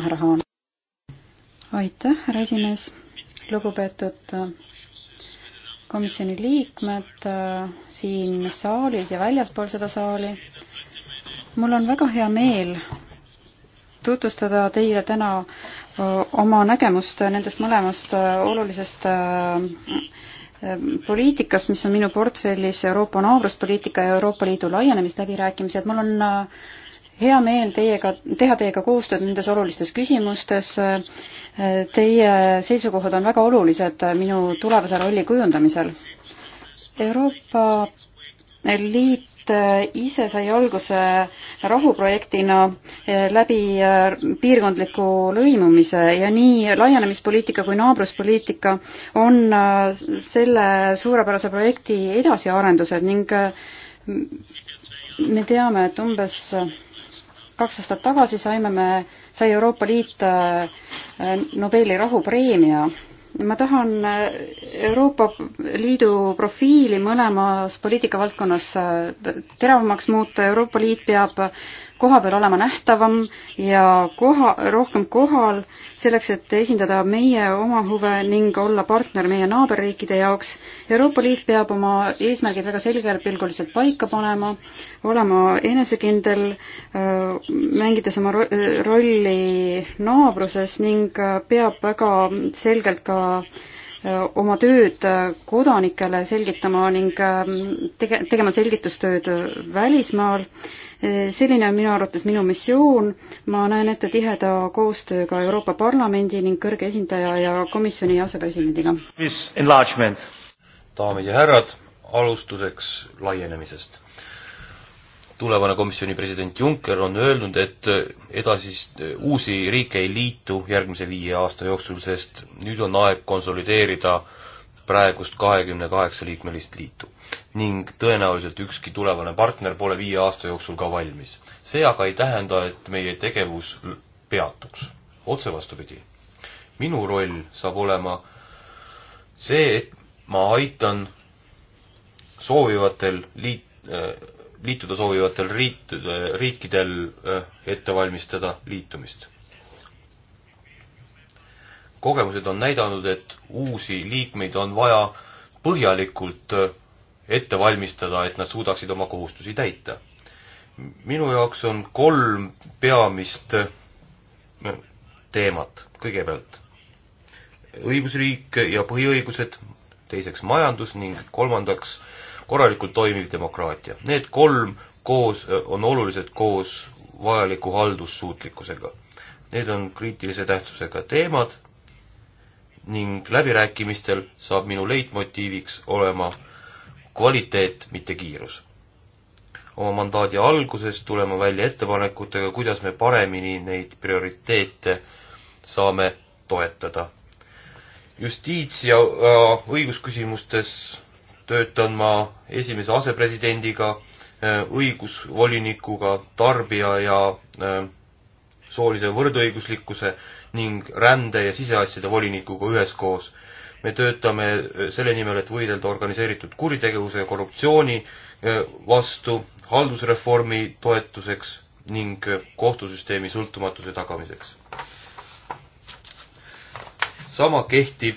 härra Haan. aitäh, härra esimees, lugupeetud äh, komisjoni liikmed äh, siin saalis ja väljaspool seda saali. mul on väga hea meel tutvustada teile täna äh, oma nägemust nendest mõlemast olulisest poliitikast, mis on minu portfellis Euroopa naabruspoliitika ja Euroopa Liidu laienemisläbirääkimised. mul on hea meel teiega, teha teiega koostööd nendes olulistes küsimustes. Teie seisukohad on väga olulised minu tulevase rolli kujundamisel. Euroopa Liit ise sai alguse rahuprojektina läbi piirkondliku lõimumise ja nii laienemispoliitika kui naabruspoliitika on selle suurepärase projekti edasiarendused ning me teame, et umbes kaks aastat tagasi saime me, sai Euroopa Liit äh, Nobeli rahupreemia. ma tahan äh, Euroopa Liidu profiili mõlemas poliitikavaldkonnas äh, teravamaks muuta, Euroopa Liit peab kohapeal olema nähtavam ja koha, rohkem kohal, selleks et esindada meie oma huve ning olla partner meie naaberriikide jaoks. Euroopa Liit peab oma eesmärgid väga selgepilguliselt paika panema, olema enesekindel, äh, mängides oma äh, rolli naabruses ning äh, peab väga selgelt ka oma tööd kodanikele selgitama ning ähm, tege-, tegema selgitustööd välismaal. selline on minu arvates minu missioon, ma näen ette tiheda koostööga Euroopa Parlamendi ning kõrge esindaja ja komisjoni asepresidendiga. daamid ja härrad, alustuseks laienemisest tulevane komisjoni president Juncker on öelnud, et edasist, uusi riike ei liitu järgmise viie aasta jooksul, sest nüüd on aeg konsolideerida praegust kahekümne kaheksa liikmelist liitu. ning tõenäoliselt ükski tulevane partner pole viie aasta jooksul ka valmis. see aga ei tähenda, et meie tegevus peatuks. otse vastupidi. minu roll saab olema see, et ma aitan soovivatel liit- äh,, liituda soovivatel riikide, riikidel äh, ette valmistada liitumist. kogemused on näidanud, et uusi liikmeid on vaja põhjalikult äh, ette valmistada, et nad suudaksid oma kohustusi täita. minu jaoks on kolm peamist äh, teemat. kõigepealt õigusriik ja põhiõigused, teiseks majandus ning kolmandaks äh, korralikult toimiv demokraatia. Need kolm koos on olulised koos vajaliku haldussuutlikkusega. Need on kriitilise tähtsusega teemad ning läbirääkimistel saab minu leitmotiiviks olema kvaliteet, mitte kiirus. oma mandaadi alguses tulema välja ettepanekutega, kuidas me paremini neid prioriteete saame toetada. justiits- ja äh, õigusküsimustes töötan ma esimese asepresidendiga, äh, õigusvolinikuga, tarbija ja äh, soolise võrdõiguslikkuse ning rände ja siseasjade volinikuga üheskoos. me töötame äh, selle nimel, et võidelda organiseeritud kuritegevuse ja korruptsiooni vastu, haldusreformi toetuseks ning kohtusüsteemi sõltumatuse tagamiseks. sama kehtib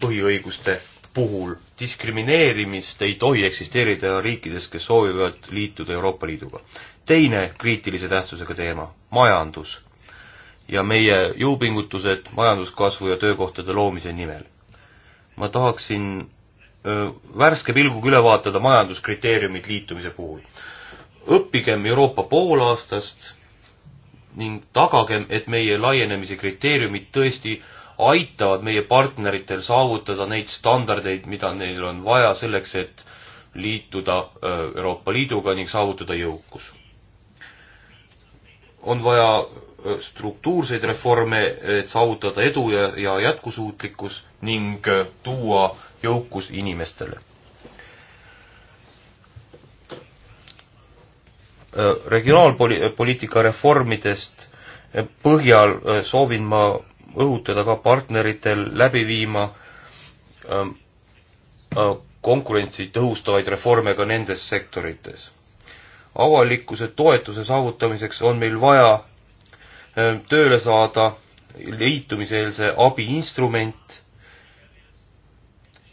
põhiõiguste puhul diskrimineerimist ei tohi eksisteerida riikides, kes soovivad liituda Euroopa Liiduga. teine kriitilise tähtsusega teema, majandus ja meie jõupingutused majanduskasvu ja töökohtade loomise nimel. ma tahaksin öö, värske pilguga üle vaatada majanduskriteeriumid liitumise puhul. õppigem Euroopa poolaastast ning tagagem, et meie laienemise kriteeriumid tõesti aitavad meie partneritel saavutada neid standardeid, mida neil on vaja selleks, et liituda äh, Euroopa Liiduga ning saavutada jõukus. on vaja äh, struktuurseid reforme, et saavutada edu ja, ja jätkusuutlikkus ning äh, tuua jõukus inimestele. regionaalpoliitika reformidest põhjal soovin ma õhutada ka partneritel läbi viima ähm, äh, konkurentsi tõhustavaid reforme ka nendes sektorites. avalikkuse toetuse saavutamiseks on meil vaja ähm, tööle saada liitumiseelse abi instrument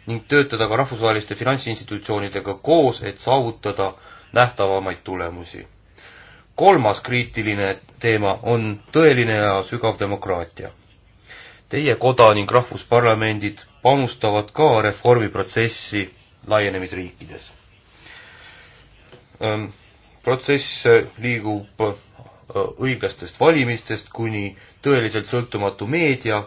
ning töötada ka rahvusvaheliste finantsinstitutsioonidega koos, et saavutada nähtavamaid tulemusi. kolmas kriitiline teema on tõeline ja sügav demokraatia Teie koda ning rahvusparlamendid panustavad ka reformiprotsessi laienemisriikides. Ehm, protsess äh, liigub äh, õiglastest valimistest kuni tõeliselt sõltumatu meedia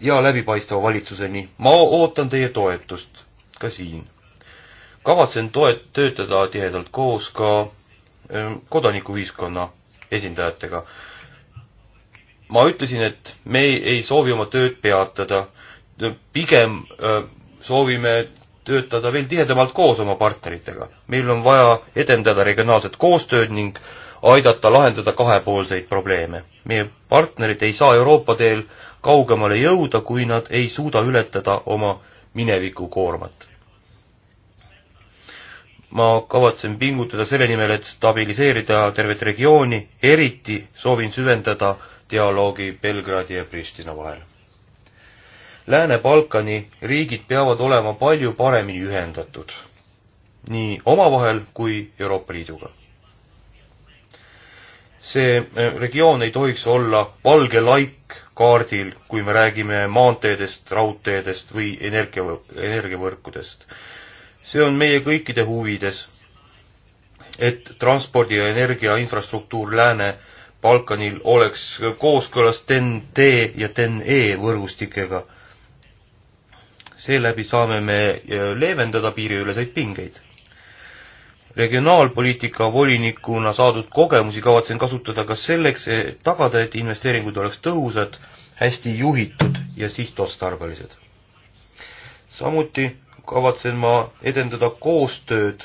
ja läbipaistva valitsuseni. ma ootan teie toetust ka siin. kavatsen toet-, töötada tihedalt koos ka ehm, kodanikuühiskonna esindajatega ma ütlesin, et me ei soovi oma tööd peatada, pigem soovime töötada veel tihedamalt koos oma partneritega. meil on vaja edendada regionaalset koostööd ning aidata lahendada kahepoolseid probleeme. meie partnerid ei saa Euroopa teel kaugemale jõuda, kui nad ei suuda ületada oma mineviku koormat. ma kavatsen pingutada selle nimel, et stabiliseerida tervet regiooni, eriti soovin süvendada dialoogi Belgradi ja Pristina vahel. Lääne-Balkani riigid peavad olema palju paremini ühendatud nii omavahel kui Euroopa Liiduga. see äh, regioon ei tohiks olla valge laik kaardil, kui me räägime maanteedest, raudteedest või energia, energiavõrkudest. see on meie kõikide huvides, et transpordi ja energia infrastruktuur Lääne Balkanil oleks kooskõlas TEN-T ja TEN-E võrgustikega. seeläbi saame me äh, leevendada piiriüleseid pingeid. regionaalpoliitika volinikuna saadud kogemusi kavatsen kasutada ka selleks, et tagada, et investeeringud oleks tõhusad, hästi juhitud ja sihtotstarbelised. samuti kavatsen ma edendada koostööd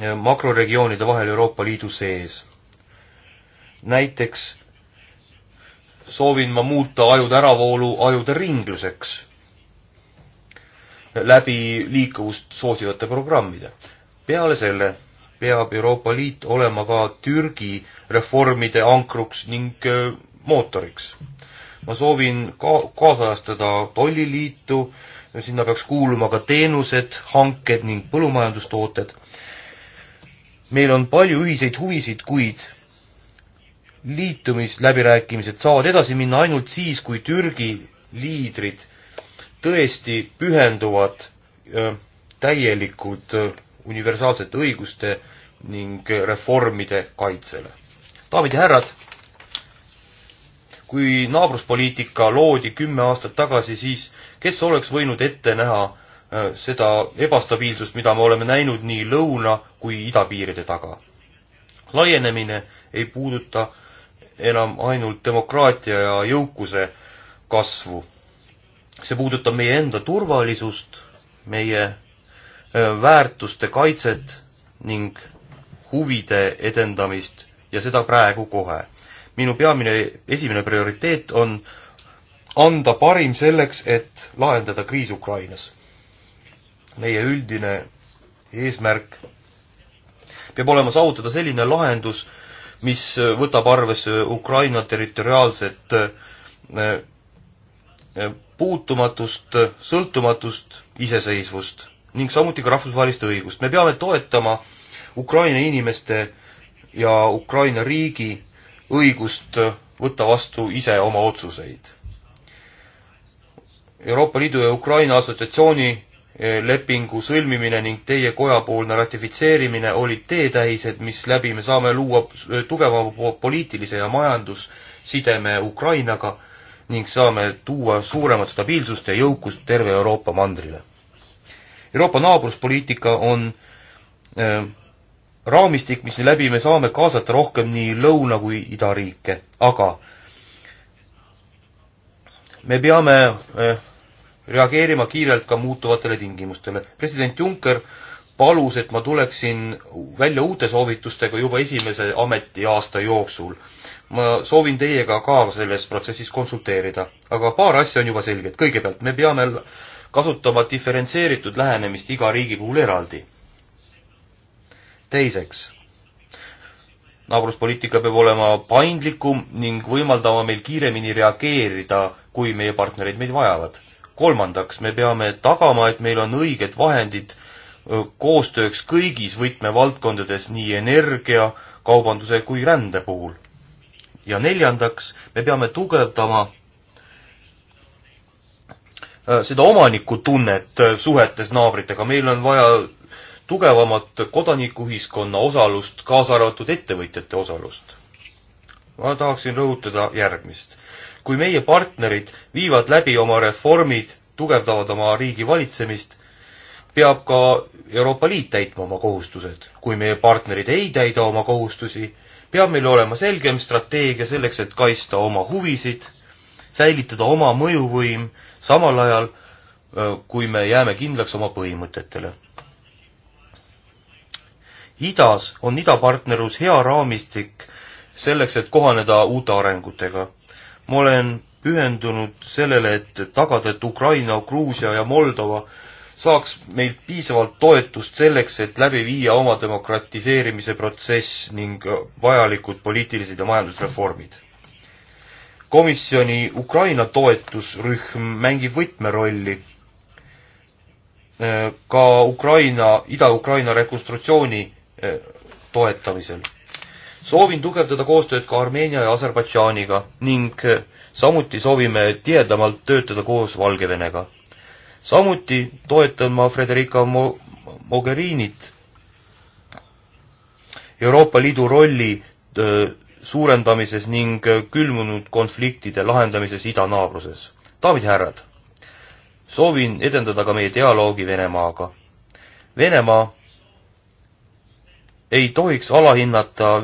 äh, makroregioonide vahel Euroopa Liidu sees näiteks soovin ma muuta ajude äravoolu ajude ringluseks läbi liikuvust soosivate programmide. peale selle peab Euroopa Liit olema ka Türgi reformide ankruks ning mootoriks. ma soovin ka kaasajastada tolliliitu, sinna peaks kuuluma ka teenused, hanked ning põllumajandustooted. meil on palju ühiseid huvisid, kuid liitumisläbirääkimised saavad edasi minna ainult siis, kui Türgi liidrid tõesti pühenduvad täielikud universaalsete õiguste ning reformide kaitsele. daamid ja härrad, kui naabruspoliitika loodi kümme aastat tagasi, siis kes oleks võinud ette näha seda ebastabiilsust, mida me oleme näinud nii lõuna kui idapiiride taga? laienemine ei puuduta äh, enam ainult demokraatia ja jõukuse kasvu. see puudutab meie enda turvalisust, meie väärtuste kaitset ning huvide edendamist ja seda praegu kohe. minu peamine, esimene prioriteet on anda parim selleks, et lahendada kriis Ukrainas. meie üldine eesmärk peab olema saavutada selline lahendus, mis äh, võtab arvesse Ukraina territoriaalset äh, äh, puutumatust, sõltumatust, iseseisvust ning samuti ka rahvusvahelist õigust. me peame toetama Ukraina inimeste ja Ukraina riigi õigust võtta vastu ise oma otsuseid. Euroopa Liidu ja Ukraina assotsiatsiooni Eh, lepingu sõlmimine ning teie kojapoolne ratifitseerimine olid teetähised, mis läbi me saame luua eh, tugevama poliitilise ja majandussideme Ukrainaga ning saame tuua suuremat stabiilsust ja jõukust terve Euroopa mandrile. Euroopa naabruspoliitika on äh, raamistik, mis läbi me saame kaasata rohkem nii lõuna kui idariike, aga me peame äh, reageerima kiirelt ka muutuvatele tingimustele. president Juncker palus, et ma tuleksin välja uute soovitustega juba esimese ametiaasta jooksul. ma soovin teiega ka selles protsessis konsulteerida, aga paar asja on juba selged. kõigepealt me peame kasutama diferentseeritud lähenemist iga riigi puhul eraldi. teiseks, naabruspoliitika peab olema paindlikum ning võimaldama meil kiiremini reageerida, kui meie partnerid meid vajavad kolmandaks, me peame tagama, et meil on õiged vahendid koostööks kõigis võtmevaldkondades, nii energia, kaubanduse kui rände puhul. ja neljandaks, me peame tugevdama seda omanikutunnet suhetes naabritega, meil on vaja tugevamat kodanikuühiskonna osalust, kaasa arvatud ettevõtjate osalust. ma tahaksin rõhutada järgmist kui meie partnerid viivad läbi oma reformid, tugevdavad oma riigi valitsemist, peab ka Euroopa Liit täitma oma kohustused. kui meie partnerid ei täida oma kohustusi, peab meil olema selgem strateegia selleks, et kaitsta oma huvisid, säilitada oma mõjuvõim, samal ajal kui me jääme kindlaks oma põhimõtetele. idas on idapartnerlus hea raamistik selleks, et kohaneda uute arengutega ma olen pühendunud sellele, et tagada, et Ukraina, Gruusia ja Moldova saaks meilt piisavalt toetust selleks, et läbi viia oma demokratiseerimise protsess ning äh, vajalikud poliitilised ja majandusreformid. komisjoni Ukraina toetusrühm mängib võtmerolli äh, ka Ukraina, Ida-Ukraina rekonstruktsiooni äh, toetamisel soovin tugevdada koostööd ka Armeenia ja Aserbaidžaaniga ning eh, samuti soovime tihedamalt töötada koos Valgevenega. samuti toetan ma Frederica Mo-, Mogherinit Euroopa Liidu rolli öö, eh, suurendamises ning eh, külmunud konfliktide lahendamises idanaabruses. daamid ja härrad, soovin edendada ka meie dialoogi Venemaaga. Venemaa ei tohiks alahinnata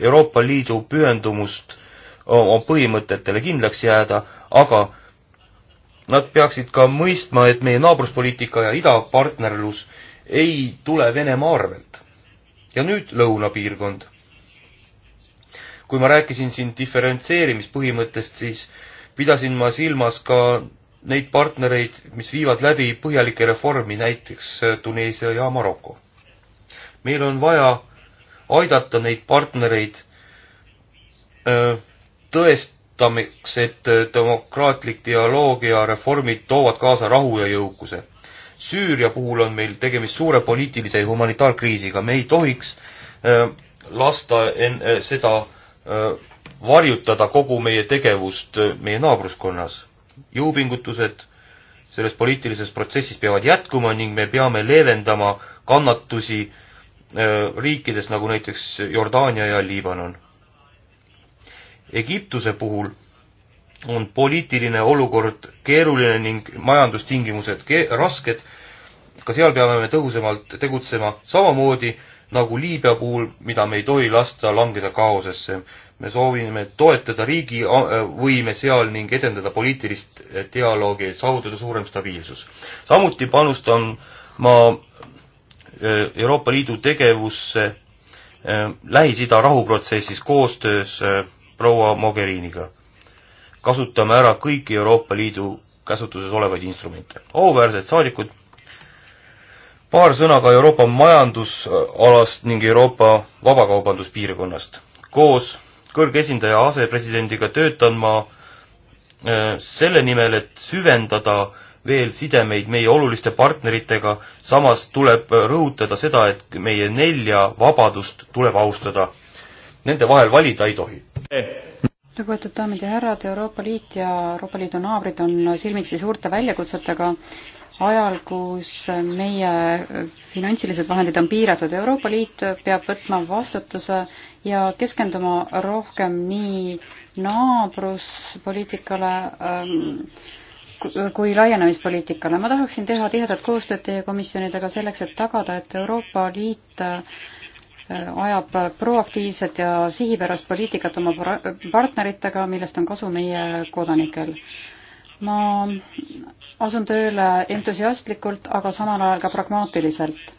Euroopa Liidu pühendumust oma põhimõtetele kindlaks jääda, aga nad peaksid ka mõistma, et meie naabruspoliitika ja idapartnerlus ei tule Venemaa arvelt. ja nüüd lõunapiirkond. kui ma rääkisin siin diferentseerimispõhimõttest, siis pidasin ma silmas ka neid partnereid, mis viivad läbi põhjalikke reformi, näiteks Tuneesia ja Maroko meil on vaja aidata neid partnereid tõestamaks, et demokraatlik dialoog ja reformid toovad kaasa rahu ja jõukuse. Süüria puhul on meil tegemist suure poliitilise ja humanitaarkriisiga, me ei tohiks lasta en-, seda varjutada kogu meie tegevust meie naabruskonnas. jõupingutused selles poliitilises protsessis peavad jätkuma ning me peame leevendama kannatusi Äh, riikides nagu näiteks Jordaania ja Liibanon. Egiptuse puhul on poliitiline olukord keeruline ning majandustingimused ke-, rasked, ka seal peame me tõhusamalt tegutsema, samamoodi nagu Liibüa puhul, mida me ei tohi lasta langeda kaosesse. me soovime toetada riigivõime äh, seal ning edendada poliitilist äh, dialoogi, et saavutada suurem stabiilsus. samuti panustan ma Euroopa Liidu tegevusse Lähis-Ida rahuprotsessis koostöös proua Mogheriniga. kasutame ära kõiki Euroopa Liidu käsutuses olevaid instrumente. auväärsed saadikud, paar sõna ka Euroopa majandusalast ning Euroopa vabakaubanduspiirkonnast. koos kõrge esindaja asepresidendiga töötan ma selle nimel, et süvendada veel sidemeid meie oluliste partneritega, samas tuleb rõhutada seda, et meie nelja vabadust tuleb austada. Nende vahel valida ei tohi. lugupeetud daamid ja härrad, Euroopa Liit ja Euroopa Liidu naabrid on silmitsi suurte väljakutsetega ajal, kus meie finantsilised vahendid on piiratud. Euroopa Liit peab võtma vastutuse ja keskenduma rohkem nii naabruspoliitikale ähm, kui laienemispoliitikale. ma tahaksin teha tihedat koostööd teie komisjonidega selleks, et tagada, et Euroopa Liit äh, ajab proaktiivset ja sihipärast poliitikat oma partneritega, millest on kasu meie kodanikel. ma asun tööle entusiastlikult, aga samal ajal ka pragmaatiliselt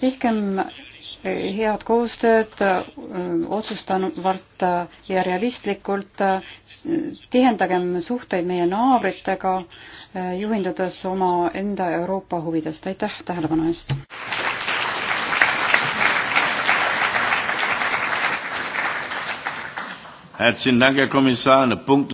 tehkem eh, head koostööd eh, otsustanuvalt ja realistlikult, eh, tihendagem suhteid meie naabritega, juhindudes omaenda Euroopa huvidest. aitäh tähelepanu eest! Herzlichen Dank, Herr Kommissar. Eine Punkt